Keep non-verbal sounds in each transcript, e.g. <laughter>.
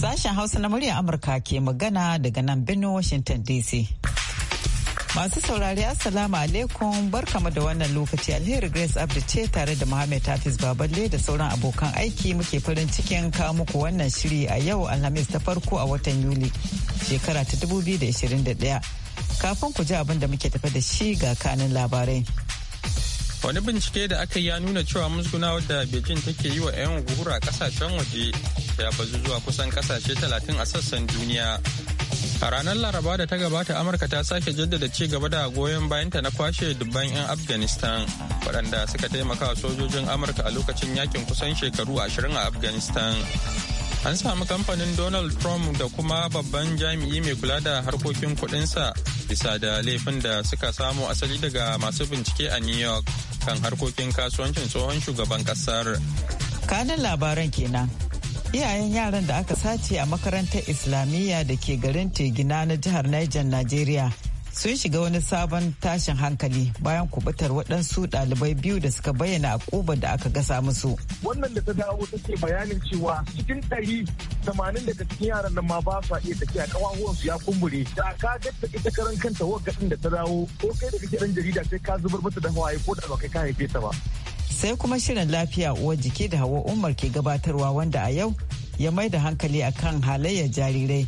Sashen Hausa na murya Amurka ke magana daga nan Benue, Washington DC. Masu saurari Assalamu alaikum barkamu da wannan lokaci alheri Grace Abdi ce tare da Muhammad Hafiz Baballe da sauran abokan aiki muke farin cikin kawo muku wannan shiri a yau Alhamis ta farko a watan Yuli shekara ta 2021. Kafin ku ji abin da muke tafi da shi ga kanin labarai. Wani bincike da aka yi ya nuna cewa musguna da Beijing take yi wa 'yan guhura kasashen waje ya bazu zuwa kusan kasashe 30 a sassan duniya A ranar Laraba da ta gabata Amurka ta sake jaddada ci gaba da goyon bayanta na kwashe dubban 'yan Afghanistan waɗanda suka taimaka sojojin Amurka a lokacin yakin kusan shekaru ashirin a Afghanistan. An samu kamfanin Donald Trump da kuma babban jami'i mai kula da harkokin kuɗinsa bisa da laifin da suka samu asali daga masu bincike a New York kan harkokin kasuwancin tsohon shugaban ƙasar. Kanin labaran kenan. iyayen yaran da aka sace a makarantar islamiyya da ke garin tegina na jihar niger nigeria sun shiga wani sabon tashin hankali bayan kubutar waɗansu ɗalibai biyu da suka bayyana a ƙubar da aka gasa musu. Wannan da ta dawo ta ke bayanin cewa cikin ɗari tamanin daga cikin yaran nan ma ba sa iya tafiya ƙawahuwansu ya kumbure. Da ka gatta ita karan kanta ɗin da ta dawo ko kai da kake jarida sai ka zubar mata da hawaye ko da ba kai ka haife ta ba. sai kuma shirin lafiya uwar jiki da hawa umar ke gabatarwa wanda a yau ya mai da hankali akan halayyar jarirai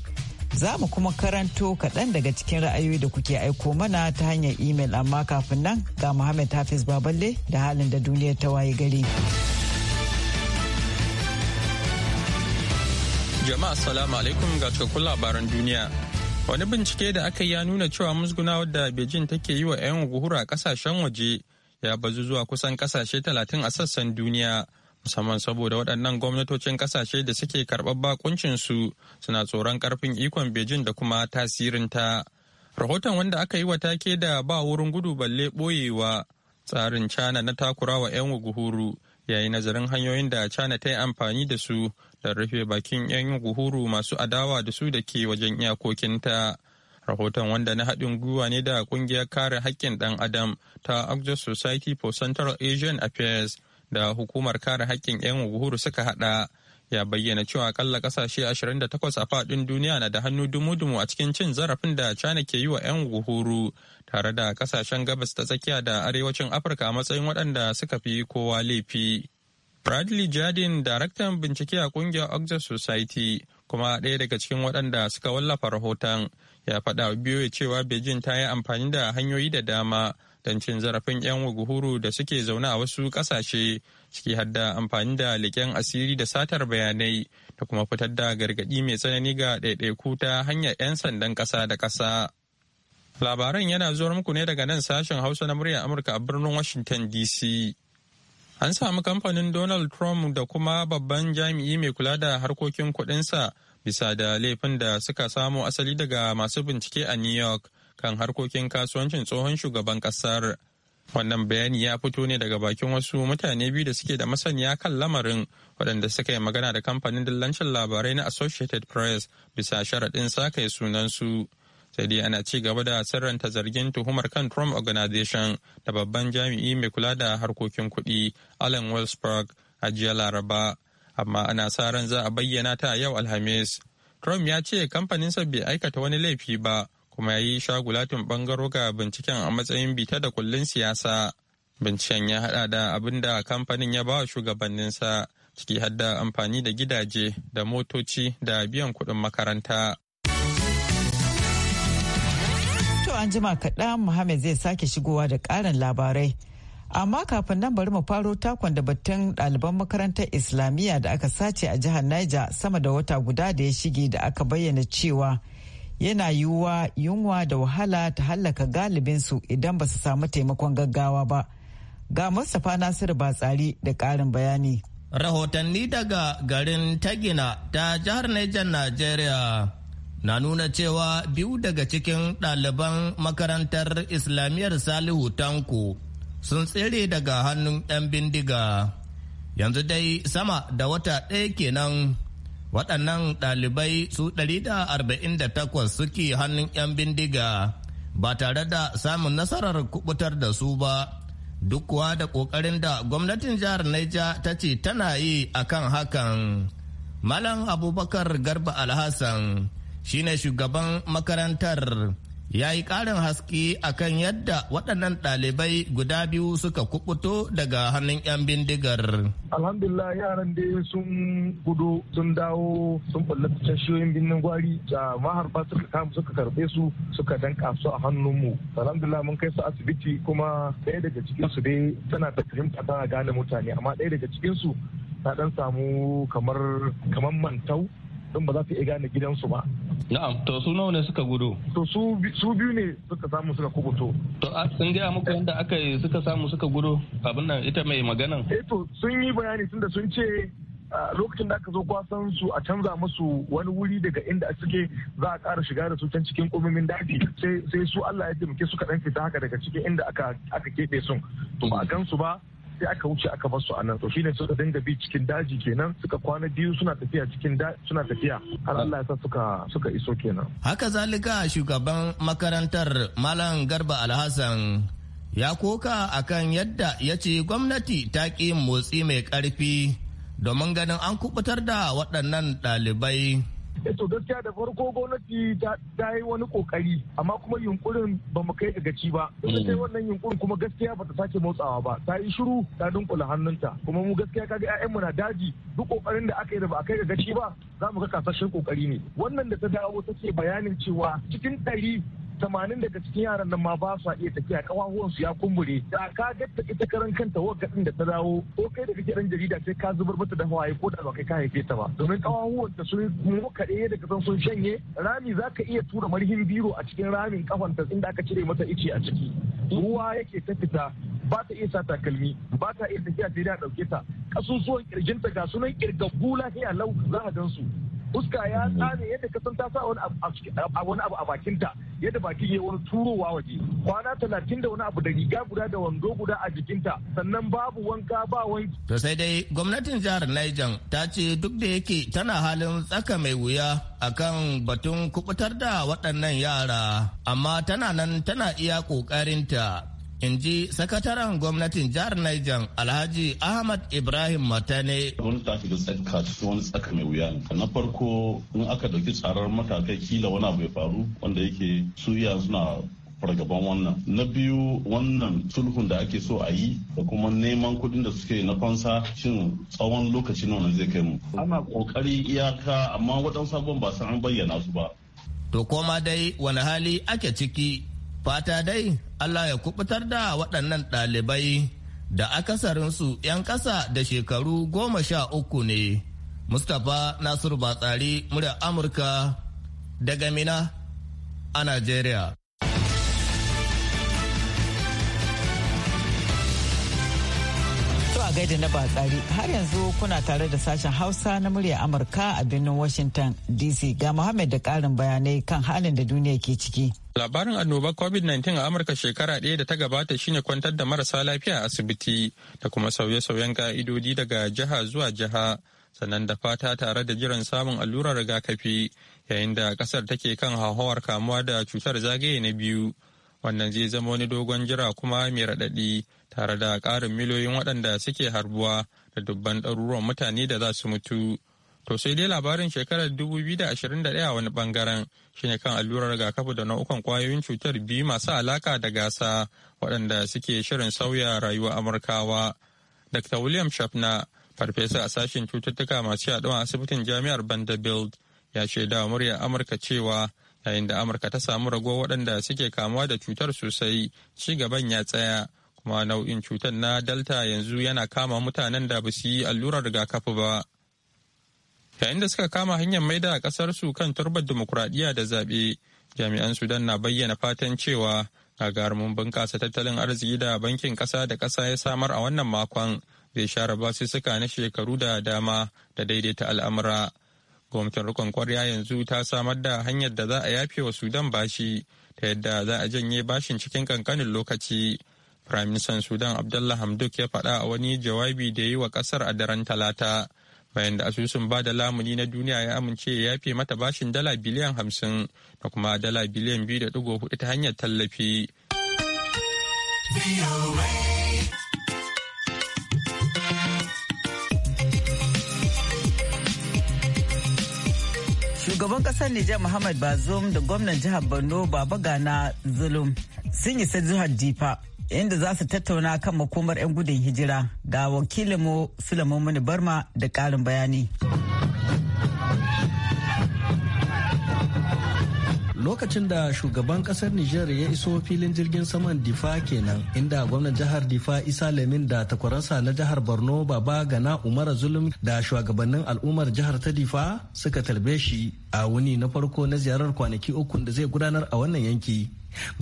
za mu kuma karanto kaɗan daga cikin ra'ayoyi da kuke aiko mana ta hanyar imel amma kafin nan ga muhammad hafiz baballe da halin da duniyar ta waye gari jama'a salamu alaikum ga cikakkun labaran duniya wani bincike da aka yi ya nuna cewa musguna wadda beijing take yi wa 'yan guhura a kasashen waje ya bazu zuwa kusan kasashe talatin a sassan duniya musamman saboda waɗannan gwamnatocin kasashe da suke karɓar su suna tsoron ƙarfin ikon Beijing da kuma tasirinta. Rahoton wanda aka yi wa take da ba wurin gudu balle ɓoyewa tsarin China na takurawa 'yan guhuru yayi nazarin hanyoyin da China ta yi amfani da su don rufe bakin 'yan guhuru masu adawa da su da ke wajen iyakokinta. Rahoton wanda na haɗin gwiwa ne da ƙungiyar kare haƙƙin ɗan Adam ta Access Society for Central Asian Affairs da hukumar kare haƙƙin 'yan uhuru suka haɗa ya bayyana cewa akalla ƙasashe 28 a faɗin duniya na da hannu dumu-dumu a cikin cin zarafin da China ke yi wa 'yan uhuru tare da ƙasashen gabas ta tsakiya da arewacin Afirka a matsayin waɗanda suka fi kowa laifi. Bradley Jardin, daraktan bincike a ƙungiyar Oxford Society, kuma ɗaya daga cikin waɗanda suka wallafa rahoton ya faɗa wa ya cewa beijing ta yi amfani da hanyoyi da dama don cin zarafin 'yan waguhuru da suke zaune a wasu ƙasashe ciki har da amfani da leƙen asiri da satar bayanai da kuma fitar da gargaɗi mai tsanani ga ɗaiɗaiku ta hanyar 'yan sandan ƙasa da ƙasa labaran yana zuwa muku ne daga nan sashen hausa na muryar amurka a birnin washington dc an samu kamfanin donald trump da kuma babban jami'i mai kula da harkokin kuɗinsa bisa da laifin da suka samo asali daga masu bincike a New York kan harkokin kasuwancin tsohon shugaban kasar. Wannan bayani ya fito ne daga bakin wasu mutane biyu da suke da masaniya kan lamarin waɗanda suka yi magana da kamfanin dillancin labarai na Associated Press bisa sharaɗin sakai sunansu. Sai dai ana ci gaba da sirranta zargin tuhumar kan Trump Organization da babban jami'i mai kula da harkokin kuɗi Allen Wellsberg a jiya Laraba. amma ana sa ran za a bayyana ta a yau alhamis trump ya ce kamfaninsa bai aikata wani laifi ba kuma ya yi shagulatin bangaro ga binciken a matsayin bita da kullun siyasa binciken ya hada da abin da kamfanin ya ba wa shugabanninsa ciki har da amfani da gidaje da motoci da biyan kuɗin makaranta to an kaɗan muhammad zai sake shigowa da ƙarin labarai amma kafin nan bari mu faro takon da batun ɗaliban makarantar islamiyya da aka sace a jihar niger sama da wata guda da ya shige da aka bayyana cewa yana yiwuwa yunwa da wahala ta hallaka galibinsu idan ba su samu taimakon gaggawa ba ga mustapha nasiru batsari da karin bayani rahotanni daga garin tagina ta jihar niger nigeria na nuna cewa biyu daga cikin ɗaliban makarantar islamiyyar salihu tanko sun tsere daga hannun 'yan bindiga yanzu dai sama da wata ɗaya kenan waɗannan ɗalibai su 148 suke hannun 'yan bindiga ba tare da samun nasarar kubutar da su ba duk kuwa da ƙoƙarin da gwamnatin jihar Naija ta ce tana yi akan hakan malam abubakar garba alhassan shine shugaban makarantar ya yi ƙarin haske akan yadda waɗannan ɗalibai guda biyu suka kubuto daga hannun 'yan bindigar. Alhamdulillah yaran dai sun gudu sun dawo sun ballata tashiyoyin birnin gwari da maharba suka kama suka karɓe su suka danka su a hannunmu. Alhamdulillah mun kai su asibiti kuma ɗaya daga cikinsu dai tana da fahimta tana gane mutane amma ɗaya daga cikinsu ta ɗan samu kamar kamar mantau don ba za su iya gane gidansu ba. Na'am, to su nawa ne suka gudu? To su biyu ne suka samu suka kubuto. To a sun gaya muku yadda aka yi suka samu suka gudu abin nan ita mai maganan? Eh to sun yi bayani tunda sun ce lokacin da aka zo kwasan su a canza musu wani wuri daga inda suke za a ƙara shiga da su can cikin ƙumumin daji sai su Allah ya taimake suka ɗan fita haka daga cikin inda aka keɓe sun. To ba a su ba sai aka wuce aka basu a nan to shine suka dinga bi cikin daji kenan suka kwana biyu suna tafiya cikin suna tafiya har Allah ya sa suka suka iso kenan haka zalika shugaban makarantar Malam Garba Alhassan ya koka akan yadda ya ce gwamnati ta ƙi motsi mai ƙarfi domin ganin an kubutar da waɗannan ɗalibai. Eh, to gaskiya da farko gwamnati ta yi wani kokari amma kuma yunkurin ba mu kai ga ci ba duk da mm. wannan yunkurin kuma gaskiya ba ta sake motsawa ba ta yi shiru ta dunkula hannunta kuma mu gaskiya kaga ƴaƴan mu na daji duk kokarin da aka yi da ba a kai ga ci ba za mu ga kasashen kokari ne wannan da ta dawo take bayanin cewa cikin ɗari tamanin daga cikin yaran nan ma ba su iya tafiya kawahuwan su ya kumbure da ka gatta ita karan kanta gadin da ta dawo ko kai da kake dan jarida sai ka zubar mata da hawaye ko da ba kai ka haife ta ba domin kawahuwan ta sun da daga san sun shanye rami zaka iya tura marhin biro a cikin ramin kafan ta inda aka cire mata ice a ciki ruwa yake ta fita ba ta iya sa takalmi ba ta iya tafiya sai a dauke ta kasusuwan kirjinta ga sunan kirgaggu lafiya lau za a gan su fuska ya tsane yadda kasan ta sa wani abu a bakinta yadda bakin ya wani turowa waje kwana talatin da wani abu da riga guda da wando guda a jikinta sannan babu wanka ba wanki. to sai dai gwamnatin jihar Niger ta ce duk da yake tana halin tsaka mai wuya akan batun kubutar da waɗannan yara amma tana nan tana iya ƙoƙarinta in ji sakataren gwamnatin jihar Niger Alhaji Ahmad Ibrahim Matane. Wani tafi da tsaka wani tsaka mai wuya. Na farko in aka dauki tsarar matakai kila wani abu ya faru wanda yake suya suna fargaban wannan na biyu wannan sulhun da ake so a yi da kuma neman kuɗin da suke na fansa shin tsawon lokaci wani zai kai mu ana kokari iyaka amma waɗansu abubuwan ba san an bayyana su ba to koma dai wani hali ake ciki Fata dai Allah ya kubutar da waɗannan ɗalibai da akasarinsu 'yan ƙasa da shekaru goma sha uku ne. Mustapha Nasiru Batsari, murya Amurka daga Mina a Najeriya. a gaida na batsari har yanzu kuna tare da sashen hausa na murya amurka a birnin washington dc ga muhammad da karin bayanai kan halin da duniya ke ciki labarin annobar covid-19 a amurka shekara ɗaya da ta gabata shine kwantar da marasa lafiya a asibiti da kuma sauye-sauyen ka'idodi daga jiha zuwa jiha sannan da fata tare da jiran samun allurar rigakafi yayin da kasar take kan hauhawar kamuwa da cutar zagaye na biyu wannan zai zama wani dogon jira kuma mai raɗaɗi tare da ƙarin miliyoyin waɗanda suke harbuwa da dubban ɗaruruwan mutane da za su mutu to sai dai labarin shekarar 2021 a wani bangaren shine kan allurar rigakafi da nau'ukan kwayoyin cutar biyu masu alaka da gasa waɗanda suke shirin sauya rayuwar amurkawa dr william shafna farfesa a sashen cututtuka masu yaɗuwa asibitin jami'ar vanderbilt ya shaida murya amurka cewa yayin da amurka ta samu rago waɗanda suke kamuwa da cutar sosai ci gaban ya tsaya kuma nau'in cutar na delta yanzu yana kama mutanen da ba su yi allurar rigakafi ba yayin da suka kama hanyar maida a kasar su kan turbar demokuraɗiyya da zaɓe jami'an sudan na bayyana fatan cewa gagarumin bunƙasa tattalin arziki da bankin ƙasa da ƙasa ya samar a wannan makon zai share basussuka na shekaru da dama da daidaita al'amura gwamnatin rikon kwarya yanzu ta samar da hanyar da za a yafe wa sudan bashi ta yadda za a janye bashin cikin kankanin lokaci firaministan sudan abdullah hamduk ya faɗa a wani jawabi da ya yi wa ƙasar a daren talata bayan da asusun ba da lamuni na duniya ya amince ya yafe mata bashin dala biliyan hamsin da kuma dala biliyan biyu da ɗigo hudu ta hanyar tallafi. Shugaban kasar Nijar Muhammad Bazoum da gwamnan jihar Borno Baba Gana Zulum sun isa jihar Jifa inda za su tattauna kan makomar 'yan gudun hijira ga wakilinmu Sulaiman Barma da ƙarin bayani. lokacin da shugaban kasar Nijar ya iso filin jirgin saman Difa kenan inda gwamnan jihar Difa Isa Lamin da takwaransa na jihar Borno Baba Gana Umar Zulum da shugabannin al'ummar jihar ta Difa suka tarbe shi a wuni na farko na ziyarar kwanaki uku da zai gudanar a wannan yanki.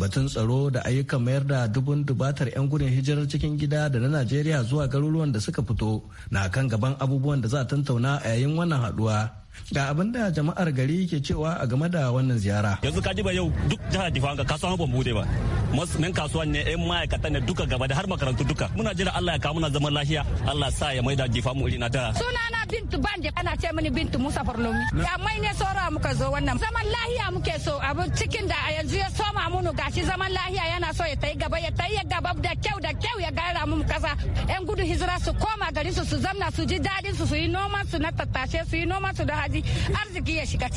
batun tsaro da ayyukan mayar da dubun dubatar 'yan gudun hijirar cikin gida da na najeriya zuwa garuruwan da suka fito na kan gaban abubuwan da za a tantauna a yayin wannan haduwa da abin da jama'ar gari ke cewa a game da wannan ziyara yanzu ka ba yau duk jihar difa ga kasuwa ban bude ba masanin kasuwan ne yan eh, ma'aikatan ne duka gaba da har makarantu duka muna jira Allah ya kawo zaman lafiya Allah sa ya maida difa mu iri na tara sunana bintu bande ana ce mini bintu musa farlomi ya mai ne sora muka zo wannan zaman lahiya muke so abu cikin da a yanzu ya soma munu gashi zaman lahiya yana so ya tayi gaba ya tayi gaba da kyau da kyau ya gara mu kasa yan gudu hijira su koma garin su su zamna su ji dadin su su yi noman su na tattashe su yi noman su da hatsi arziki ya shiga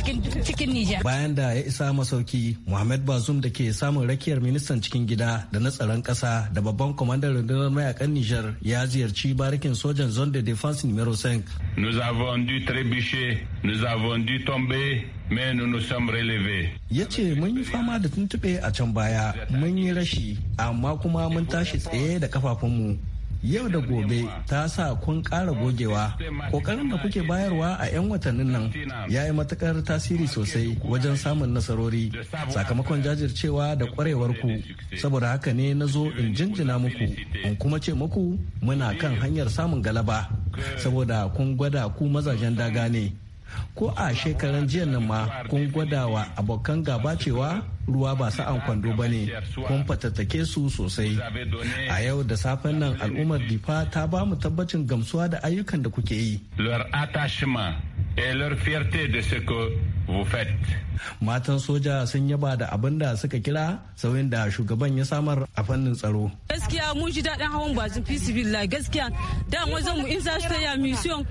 cikin Nijar. Bayan da ya isa masauki Muhammad Bazum da ke samun rakiyar ministan cikin gida da na tsaron ƙasa da babban kwamandan rundunar mayakan Nijar ya ziyarci barikin sojan zone de defense numero 5. Nous avons dû trébucher, nous avons dû tomber, mais nous nous sommes relevés. Ya mun yi fama da tuntube a can baya, mun yi rashi, amma kuma mun tashi tsaye da kafafunmu. yau da gobe ta sa kun ƙara gogewa ƙoƙarin da kuke bayarwa a 'yan watannin nan ya yi matukar tasiri sosai wajen samun nasarori sakamakon jajircewa da ƙwarewar ku saboda haka ne na zo in jinjina muku in kuma ce muku muna kan hanyar samun galaba saboda kun gwada ku mazajen daga ne ko a shekaran jiya nan ma kun gwada wa abokan gaba cewa ruwa ba sa'an kwando ba ne kun fatattake su sosai a yau da safen nan al'ummar difa ta ba mu tabbacin gamsuwa da ayyukan da kuke yi leur attachement et leur fierté de ce que vous faites. Matan soja sun yaba da abin da suka kira sauyin da shugaban ya samar a fannin tsaro. Gaskiya mun ji daɗin hawan bazin la gaskiya da wajen mu in za su taya mission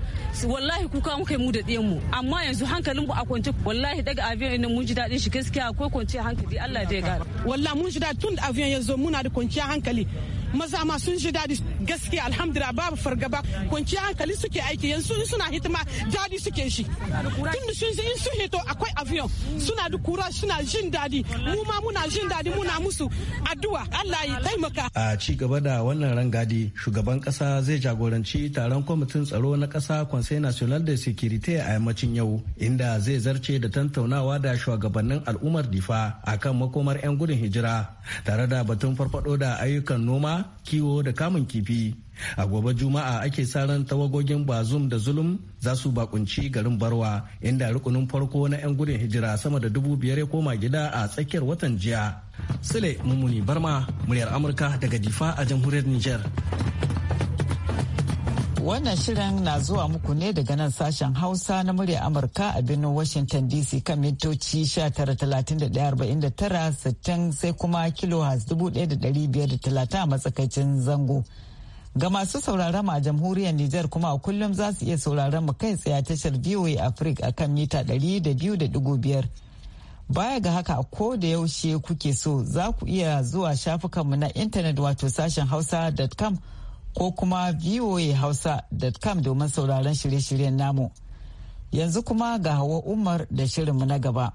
wallahi kuka muka mu da ɗiyan mu amma yanzu hankalin mu a kwance wallahi daga aviyon ina mun ji daɗin shi gaskiya akwai kwanciya hankali Allah da ya gara. Wallahi mun ji daɗin tun da aviyon ya zo muna da kwanciyar hankali. maza ma sun ji daɗi gaskiya alhamdulillah babu fargaba kwanciyar hankali suke aiki yanzu suna hitima daɗi suke shi tun da sun in sun hito akwai avion suna da kura suna jin daɗi mu ma muna jin daɗi muna musu addu'a Allah ya taimaka a ci gaba da wannan rangadi shugaban kasa zai jagoranci taron kwamitin tsaro na kasa conseil national de sécurité a yammacin yau inda zai zarce da tantaunawa da shugabannin al'ummar difa akan makomar 'yan gudun hijira tare da batun farfado da ayyukan noma kiwo da kamun kifi a gobe juma'a ake sa ran tawagogin bazum da zulum za su bakunci garin barwa inda rukunin farko na 'yan gudun hijira sama da dubu biyar ya koma gida a tsakiyar watan jiya sule mummuni barma muryar amurka daga difa a jamhuriyar niger Wannan shirin na zuwa muku ne daga nan sashen Hausa na murya Amurka a birnin Washington DC kan mintoci 19,31,49,60 sai kuma kilohaz 1,530 a matsakaicin zango. Ga masu sauraron a jamhuriyar Nijar kuma a kullum za su iya sauraron mu kai tsaye tashar VOA Africa a kan mita 200.5. Baya ga haka a ko da yaushe kuke so za ku iya zuwa shafukanmu na intanet wato sashen hausa.com ko kuma voahausa.com domin sauraron shirye-shiryen namu. Yanzu kuma ga hawa Umar da shirinmu na gaba.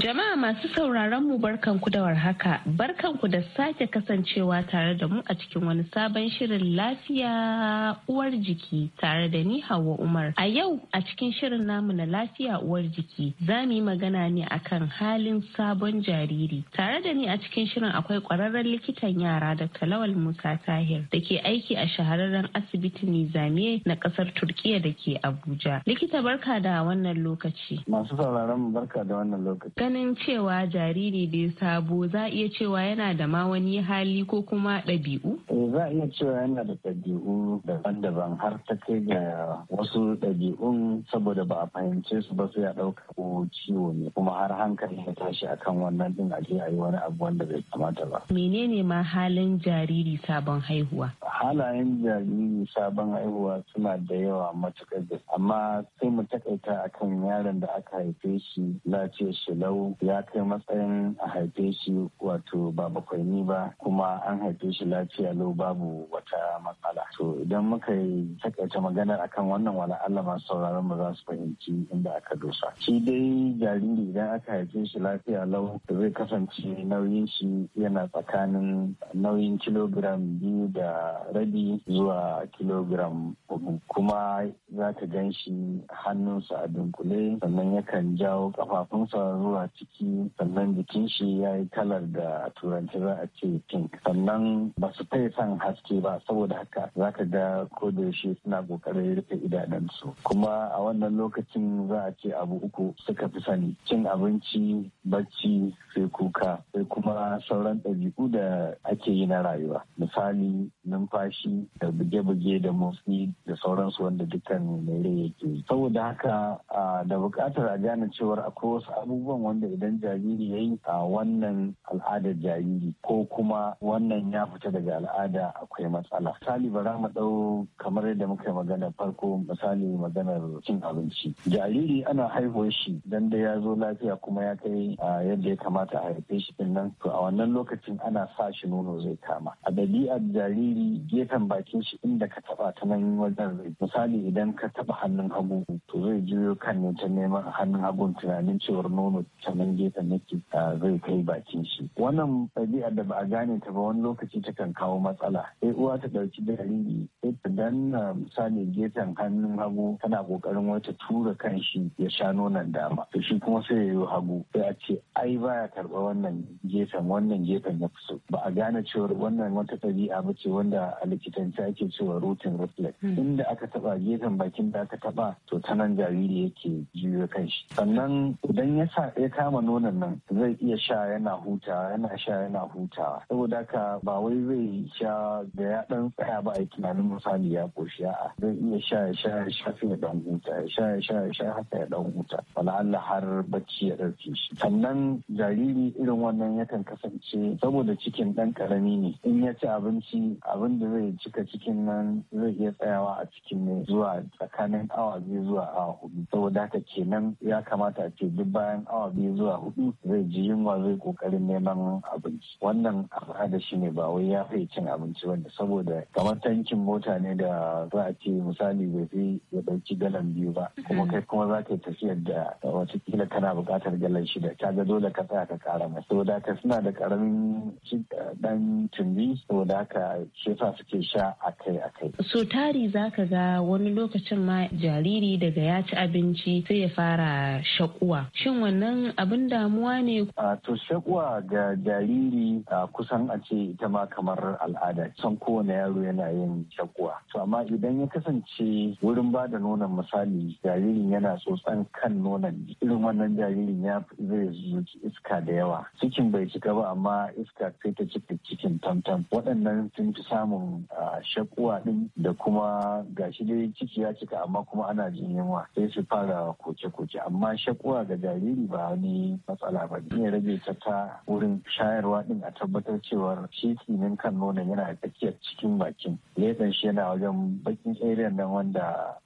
Jama'a masu sauraron mu barkanku da warhaka barkanku da sake kasancewa tare da mu a cikin wani sabon shirin lafiya uwar jiki tare da ni Hauwa Umar. A yau a cikin shirin namu na lafiya uwar jiki za mu yi magana ne akan halin sabon jariri. Tare da ni a cikin shirin akwai kwararren likitan yara da Talawal Musa Tahir da ke aiki a shahararren asibitin Nizamiye na kasar Turkiya da ke Abuja. Likita barka da wannan lokaci. Masu sauraron mu barka da wannan lokaci. Ganin cewa jariri bai sabo za iya cewa yana da ma wani hali ko kuma ɗabi'u? Eh, za iya cewa yana da ɗabi'u daban-daban har ta kai ga wasu ɗabi'un saboda ba a fahimce su ba sai a ɗauka ko ciwo ne kuma har hankali ya tashi akan wannan din a a yi wani abu wanda bai kamata ba. menene ma halin jariri sabon haihuwa? halayen jariri sabon haihuwa suna da yawa matuƙar amma sai mu takaita akan yaron da aka haife shi lafiyar shi lau ya kai matsayin a haife shi wato ba bakwai ni ba kuma an haife shi lafiya lau babu wata matsala to idan muka yi takaita maganar akan wannan wani Allah masu sauraron ba za su fahimci inda aka dosa shi dai jariri idan aka haife shi lafiya lau zai kasance nauyin shi yana tsakanin nauyin kilogiram biyu da rabi zuwa kilogiram hudu kuma za ka gan shi hannunsa a dunkule sannan yakan jawo kafafunsa zuwa ciki baki sannan jikin shi ya yi kalar da a turanci za a ce pink sannan ba su fai san haske ba saboda haka za ka ga ko da shi suna kokarin rufe su kuma a wannan lokacin za a ce abu uku suka fi sani cin abinci bacci sai kuka sai kuma sauran ɗabi'u da ake yi na rayuwa misali numfashi da buge-buge da motsi da sauransu wanda dukkan mai yake yi saboda haka da buƙatar a gane cewar akwai wasu abubuwan wanda idan idan jariri ya yi a wannan al'adar jariri ko kuma wannan ya fita daga al'ada akwai matsala misali ba za mu ɗau kamar yadda muka yi magana farko misali maganar cin abinci jariri ana haihuwa shi dan da ya zo lafiya kuma ya kai yadda ya kamata a haife shi din nan to a wannan lokacin ana sa shi nono zai kama a ɗabi'ar jariri gefen bakin shi inda ka taɓa ta nan wajen zai misali idan ka taɓa hannun hagu to zai juyo kan ne ta neman hannun hagun tunanin cewar nono ta nan na nake zai kai bakin shi wannan ɗabi'ar da ba a gane ta ba wani lokaci takan kawo matsala sai uwa ta ɗauki jariri sai ta danna misali gefen hannun hagu tana ƙoƙarin wata tura kan shi ya sha nonon dama to shi kuma sai ya yi hagu sai a ce ai baya karɓa wannan gefen wannan gefen ya fi so ba a gane cewar wannan wata ɗabi'a ba ce wanda a likitance ake cewa rutin reflex hmm. inda aka taɓa gefen bakin da aka taɓa to ta nan jariri yake juyo kan shi sannan idan ya kama nonon nan zai iya sha yana huta yana sha yana huta saboda haka ba wai zai sha da ya dan tsaya ba a tunanin misali ya koshi a'a zai iya sha ya sha ya sha sai ya dan huta ya sha ya sha ya sha haka ya dan huta wala Allah har bacci ya dauke shi sannan jariri irin wannan yakan kasance saboda cikin dan karami ne in ya ci abinci abin da zai cika cikin nan zai iya tsayawa a cikin ne zuwa tsakanin awa biyu zuwa awa hudu saboda haka kenan ya kamata a ce duk bayan awa biyu zuwa hudu zai ji yunwa zai kokarin neman abinci wannan da shi ne ba wai ya fi cin abinci wanda saboda kamar tankin mota ne da za a ce misali bai fi ya dauki galan biyu ba kuma kai kuma za ka yi tafiyar da wata kila kana buƙatar galan shida ka ga dole ka tsaya ka kara mai saboda haka suna da karamin dan tumbi saboda haka shi yasa suke sha akai akai so tari za ka ga wani lokacin ma jariri daga ya ci abinci sai ya fara shakuwa shin wannan abin damuwa ne? To shakwa ga jariri kusan a ce ita ma kamar al'ada son kowane yaro yana yin shakuwa. To amma idan ya kasance wurin ba da nonon misali jaririn yana tsotsan kan nonon irin wannan jaririn ya zai zuci iska da yawa. Cikin bai cika ba amma iska sai ta cika cikin tamtam. Waɗannan sun fi samun shakwa ɗin da kuma ga shi dai ciki ya cika amma kuma ana jin yunwa sai su fara koke-koke amma shakuwa ga jariri ba ni. matsala ba ne rage ta ta wurin shayarwa din a tabbatar cewa shi tsinin kan nonon yana tsakiyar cikin bakin leɓen shi yana wajen bakin area nan wanda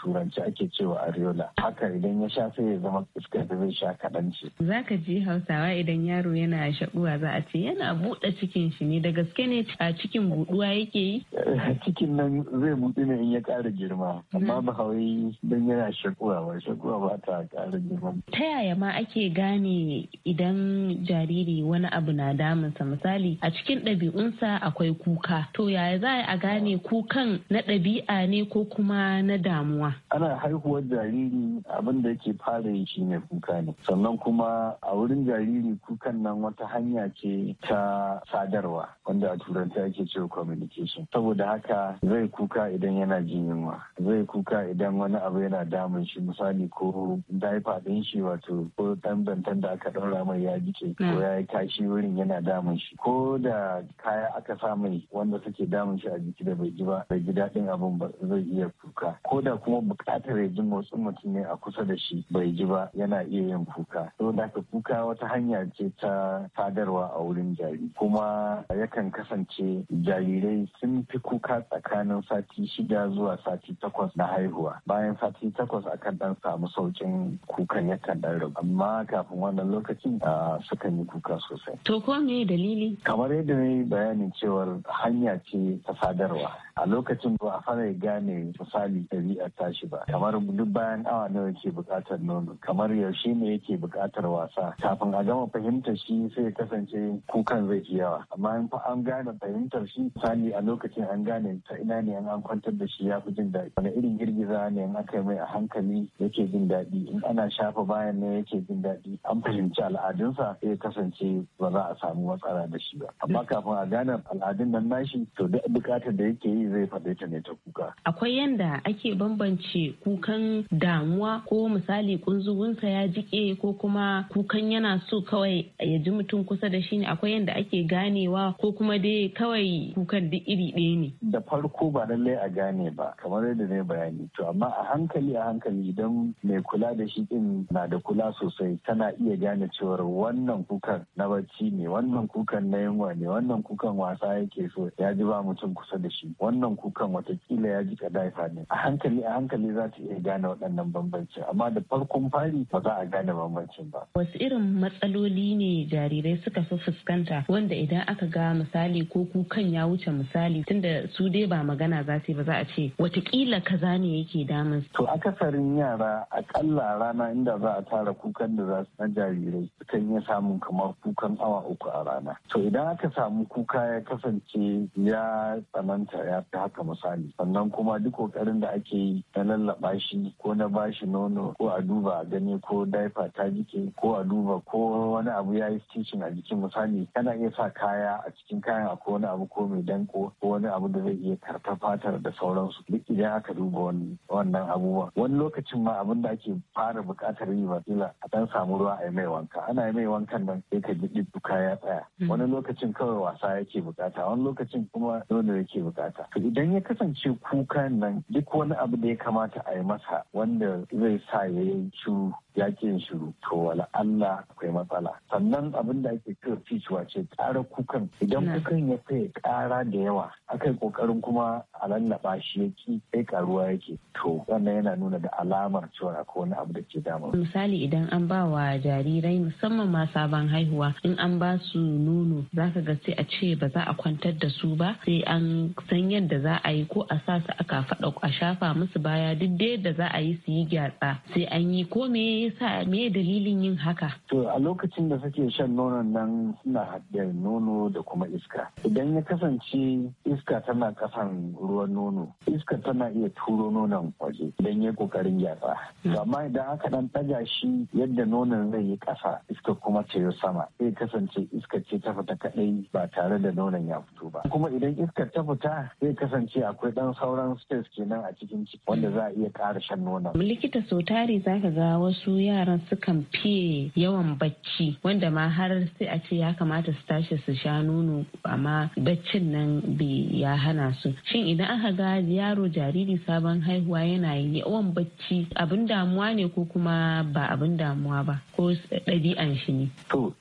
turanci ake cewa areola haka idan ya sha sai ya zama fuskar da zai sha kaɗan ce. za ka ji hausawa idan yaro yana shaɗuwa za a ce yana buɗe cikin shi ne da gaske ne a cikin buɗuwa yake yi. <laughs> cikin nan zai buɗe ne in ya ƙara girma amma ba hawai don yana shaƙuwa ba shaƙuwa ba ta ƙara girma. ta yaya ma ake gane gane idan jariri wani abu na damunsa misali a cikin ɗabi'unsa akwai kuka to yaya za a gane kukan na ɗabi'a ne ko kuma na damuwa ana haihuwar jariri abin da yake fara yi shine kuka ne sannan kuma a wurin jariri kukan nan wata hanya ce ta sadarwa wanda a turanci ake cewa communication saboda haka zai kuka idan yana jin yunwa zai kuka idan wani abu yana damun shi misali ko daifa ɗin shi wato ko ɗan zantan da aka ɗaura mai ya jike ko hmm. ya yi tashi wurin yana damun shi ko da kaya aka sa mai wanda suke damun shi a jiki da bai ji ba bai ji daɗin abin ba zai iya kuka ko da kuma buƙatar ya ji motsin mutum ne a kusa da shi bai ji ba yana iya yin kuka da ka kuka wata hanya ce ta sadarwa a wurin jari kuma yakan kasance jarirai sun fi kuka tsakanin sati shida zuwa sati takwas na haihuwa bayan sati takwas akan dan samu saukin kukan yakan dan rabu amma ka kafin wannan lokacin a sukan yi kuka sosai. To ko me dalili? Kamar yadda na bayanin cewar hanya ce ta sadarwa. A lokacin ba a fara gane misali a tashi ba. Kamar duk bayan awa nawa yake buƙatar nono. Kamar yaushe ne yake buƙatar wasa. Kafin a gama fahimtar shi sai ya kasance kukan zai fi yawa. Amma in fa an gane fahimtar shi misali a lokacin an gane ta ina ne an kwantar da shi ya fi jin daɗi. Wani irin girgiza ne in aka yi mai a hankali yake jin daɗi. In ana shafa bayan ne yake jin daɗi. an fahimci al'adunsa sai kasance ba za a samu matsala da shi ba amma kafin a gane al'adun nan nashi to duk bukatar da yake yi zai faɗe ta ne ta kuka akwai yanda ake bambance kukan damuwa ko misali kunzugunsa ya jike ko kuma kukan yana so kawai ya ji mutum kusa da shi ne akwai yanda ake ganewa ko kuma dai kawai kukan duk iri ɗaya ne da farko ba lallai a gane ba kamar yadda ne bayani to amma a hankali a hankali idan mai kula da shi din na da kula sosai tana ana iya gane cewar wannan kukan na bacci ne wannan kukan na yunwa ne wannan kukan wasa yake so ya ji ba mutum kusa da shi wannan kukan watakila ya ji kadaifa ne a hankali a hankali za ta iya gane waɗannan bambancin amma da farkon fari ba za a gane bambancin ba. wasu irin matsaloli ne jarirai suka fi fuskanta wanda idan aka ga misali ko kukan ya wuce misali tunda su dai ba magana za su yi ba za a ce watakila kaza ne yake damun. to akasarin yara akalla rana inda za a tara kukan da za na jarirai sukan iya samun kamar kukan awa uku a rana to idan aka samu kuka ya kasance ya tsananta ya fi haka misali sannan kuma duk kokarin da ake yi na lallaba shi ko na bashi nono ko a duba gani ko daifa ta jike ko a duba ko wani abu ya yi stitching a jikin misali kana iya sa kaya a cikin kayan a wani abu ko mai danko ko wani abu da zai iya karta fatar da sauransu duk idan aka duba wannan abubuwan wani lokacin ma abin da ake fara buƙatar yi ba a dan samu ruwa a yi mai wanka ana yi mai wankan nan sai ka ji duka ya tsaya mm. wani lokacin kawai wasa yake bukata wani lokacin kuma nono yake bukata to idan ya kasance kukan nan duk wani abu da ya kamata a yi masa wanda zai sa ya yi shiru ya ke shiru to wala Allah akwai matsala sannan abin da ake kira fituwa ce ƙara kukan idan mm. kukan ya kai ƙara da yawa akai kokarin kuma a lallaba shi ya ki sai karuwa yake to wannan yana nuna da alamar cewa akwai wani abu da ke damu. misali idan an ba wa A jarirai musamman ma sabon haihuwa in an ba su nono ka ga sai a ce ba za a kwantar da su ba sai an san yadda za a yi ko a sa su aka faɗa a shafa musu baya duk da yadda za a yi su yi gyatsa sai an yi ko me yasa me dalilin yin haka. To a lokacin da suke shan nonon nan suna haɗe nono da kuma iska. Idan ya kasance iska tana kasan ruwan nono iska tana iya turo nonon waje idan ya kokarin gyatsa. Hmm. Amma idan aka ɗan ɗaga shi yadda nonon iskar zai yi ƙasa iskar kuma ce ya sama zai kasance iskar ce ta fita kaɗai ba tare da nonon ya fito ba kuma idan iskar ta fita zai kasance akwai ɗan sauran space kenan a cikin ciki wanda za a iya ƙara shan nonon. likita sau tari za ka ga wasu yaran sukan fiye yawan bacci wanda ma har sai a ce ya kamata su tashi su sha nono amma baccin nan bai ya hana su shin idan aka ga yaro jariri sabon haihuwa yana yawan bacci abin damuwa ne ko kuma ba abin damuwa ba ko ɗabi'an shi ne? To,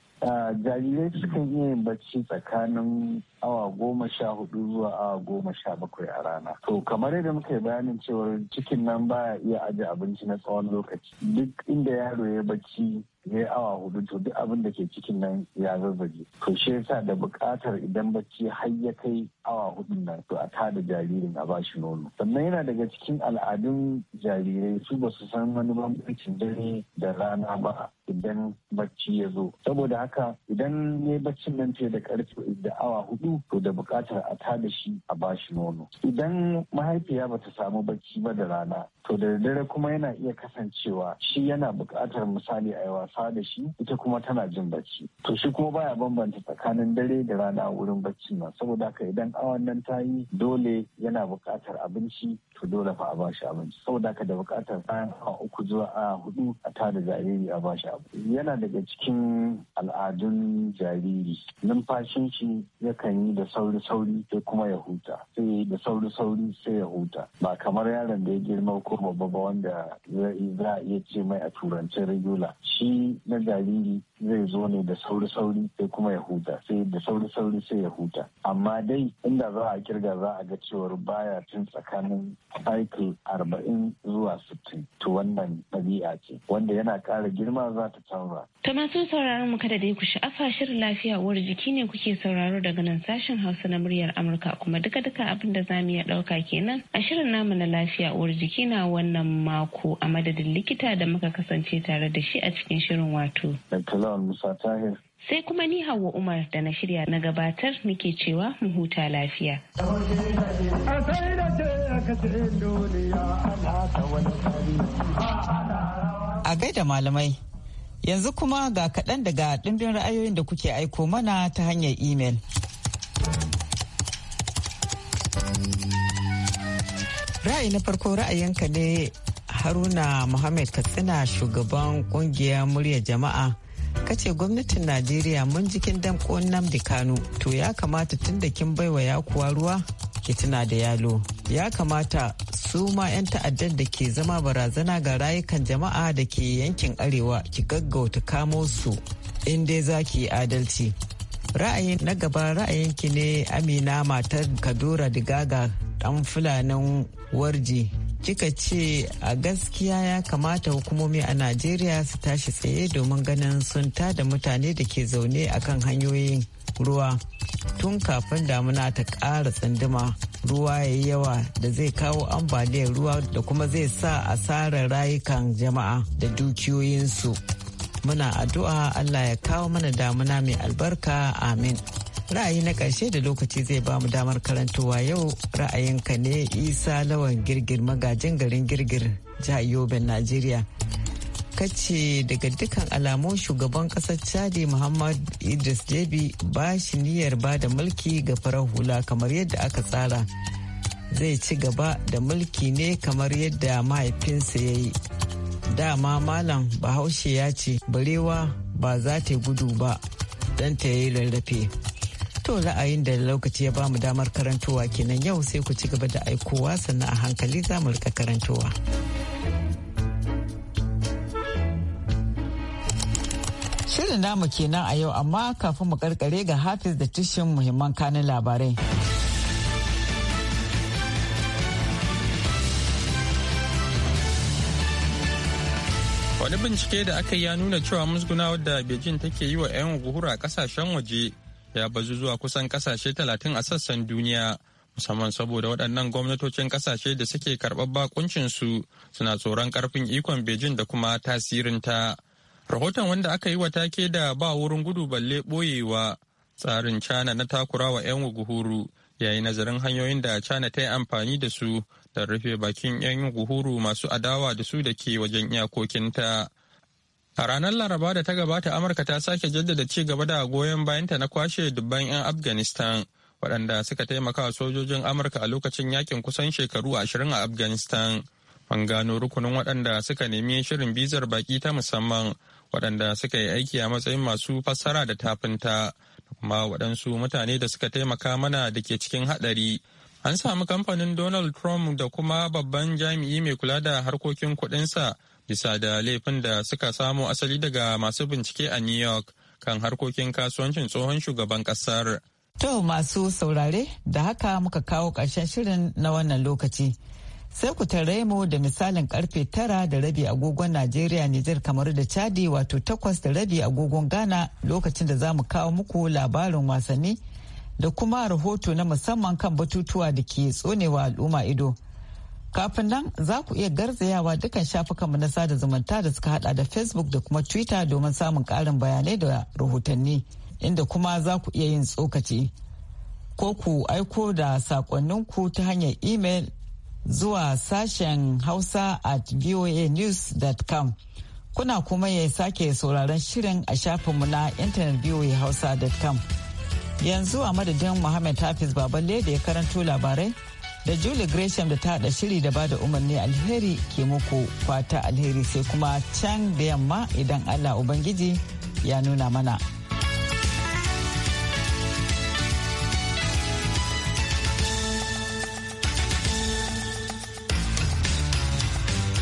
jarirai sukan iya yin bacci tsakanin awa goma sha hudu zuwa awa goma sha bakwai a rana. To kamar yadda muka yi bayanin cewar cikin nan baya iya aje abinci na tsawon lokaci. Duk inda yaro ya bacci ya awa hudu to duk abin da ke cikin nan ya zazzaje to shi yasa da buƙatar idan bacci har ya kai awa hudu nan to a tada jaririn a bashi nono sannan yana daga cikin al'adun jarirai su ba su san wani bambancin dare da rana ba idan bacci ya zo saboda haka idan ne baccin nan fiye da karfe da awa hudu to da buƙatar a tada shi a bashi nono idan mahaifiya ba ta samu bacci ba da rana to da dare kuma yana iya kasancewa shi yana bukatar misali a yi wasa da shi ita kuma tana jin bacci to shi kuma baya bambanta tsakanin dare da rana wurin bacci ma. saboda haka idan awan nan ta yi dole yana buƙatar abinci to dole fa a ba shi abinci saboda ka da bukatar bayan awa uku zuwa a hudu a tada jariri a ba shi abinci yana daga cikin al'adun jariri numfashin shi yakan yi da sauri sauri sai kuma ya huta sai da sauri sauri sai ya huta ba kamar yaron da ya girma ko babba wanda za a iya ce mai a turance regular shi na jariri zai zo ne da sauri-sauri sai kuma ya huta sai da sauri-sauri sai ya huta amma dai inda za a kirga za a ga cewar baya tun tsakanin cycle arba'in zuwa sittin to wannan ɗabi'a ce wanda yana ƙara girma za ta canza. ta masu sauraron mu kada dai ku sha'afa shirin lafiya uwar jiki ne kuke sauraro daga nan sashen hausa na muryar amurka kuma duka-duka abin da za mu iya ɗauka kenan a shirin namu na lafiya uwar jiki na wannan mako a madadin likita da muka kasance tare da shi a cikin shirin wato. Allah Musa Tahir. Sai kuma ni Hauwa Umar da na shirya na gabatar nake cewa mu huta lafiya. A gaida malamai, yanzu kuma ga kaɗan daga ɗimbin ra'ayoyin da kuke aiko mana ta hanyar imel. Ra'ayi na farko ra'ayinka ne Haruna Muhammad Katsina shugaban ƙungiyar muryar jama'a. kace gwamnatin najeriya mun jikin damko namdi kano to ya kamata tun da kin baiwa yakuwa ruwa ki tuna da yalo ya kamata su ma 'yan ta'addar da ke zama barazana ga rayukan jama'a da ke yankin arewa ki gaggauta kamo su in dai za ki yi adalci ra'ayin na gaba ra'ayinki ne amina matar kadura digaga dan fulanin warji kika ce a gaskiya ya kamata hukumomi a najeriya su tashi tsaye domin ganin sun tada mutane da ke zaune a kan hanyoyin ruwa tun kafin damuna ta ƙara tsinduma ruwa ya yi yawa da zai kawo ambaliyar ruwa da kuma zai sa asarar rayukan jama'a da dukiyoyinsu muna addu'a allah ya kawo mana damuna mai albarka amin ra'ayi na ƙarshe da lokaci zai ba mu damar karantowa yau ra'ayinka ne isa lawan girgir magajin garin girgir jihar yoben najeriya kace daga dukkan alamun shugaban kasar chadi muhammad idris debi ba shi niyyar ba da mulki ga farar hula kamar yadda aka tsara zai ci gaba da mulki ne kamar yadda mahaifinsa ya yi dama malam bahaushe ya ce barewa ba za ta gudu ba don ta yi rarrafe To ra'ayin da lokaci ya bamu damar karantowa kenan yau sai ku ci gaba da aikowa sannan a hankali za mu rika karantowa. Shirin namu kenan a yau amma kafin mu karkare ga Hafiz da tushen muhimman kanin labarai. Wani bincike da aka yi ya nuna cewa musguna wadda Beijing take yi wa 'yan guhura kasashen waje ya bazu zuwa kusan kasashe talatin a sassan duniya musamman saboda waɗannan gwamnatocin kasashe da suke karɓar su suna tsoron ƙarfin ikon Beijing da kuma tasirinta. Rahoton wanda aka yi wa take da ba wurin gudu balle ɓoyewa tsarin China na takurawa 'yan guhuru yayi nazarin hanyoyin da China ta yi amfani da su don rufe bakin 'yan guhuru masu adawa da su da ke wajen iyakokinta. A ranar Laraba da ta gabata Amurka ta sake jaddada ci gaba da goyon bayanta na kwashe dubban 'yan Afghanistan waɗanda suka taimaka wa sojojin Amurka a lokacin yakin kusan shekaru ashirin a Afghanistan. An gano rukunin waɗanda suka nemi shirin bizar baki ta musamman waɗanda suka yi aiki a matsayin masu fassara da tafinta kuma waɗansu mutane da suka taimaka mana da ke cikin haɗari. An samu kamfanin Donald Trump da kuma babban jami'i mai kula da harkokin kuɗinsa bisa da laifin da suka samo asali daga masu bincike a New York kan harkokin kasuwancin tsohon shugaban kasar. To masu saurare da haka muka kawo ƙarshen shirin na wannan lokaci. Sai ku tare mu da misalin karfe tara da rabi agogon Najeriya Nijar kamar da Chadi wato takwas da rabi agogon Ghana lokacin da za mu kawo muku labarin wasanni da kuma rahoto na musamman kan batutuwa da ke tsonewa al'umma ido. Kafin nan za ku iya garzayawa dukkan shafukanmu na sada zumunta da suka hada da Facebook da kuma Twitter domin samun ƙarin bayanai da rahotanni inda kuma za ku iya yin tsokaci. Ko ku aiko da sakonninku ta hanyar email zuwa sashen hausa at voanews.com. Kuna kuma ya sake sauraron shirin a shafinmu na intanet voahausa.com. Yanzu a madadin Muhammad Hafiz Baballe da ya karanto labarai. da Julie Gresham da ta haɗa shiri da bada umarni alheri ke muku fata alheri sai kuma can da yamma idan Allah Ubangiji ya nuna mana.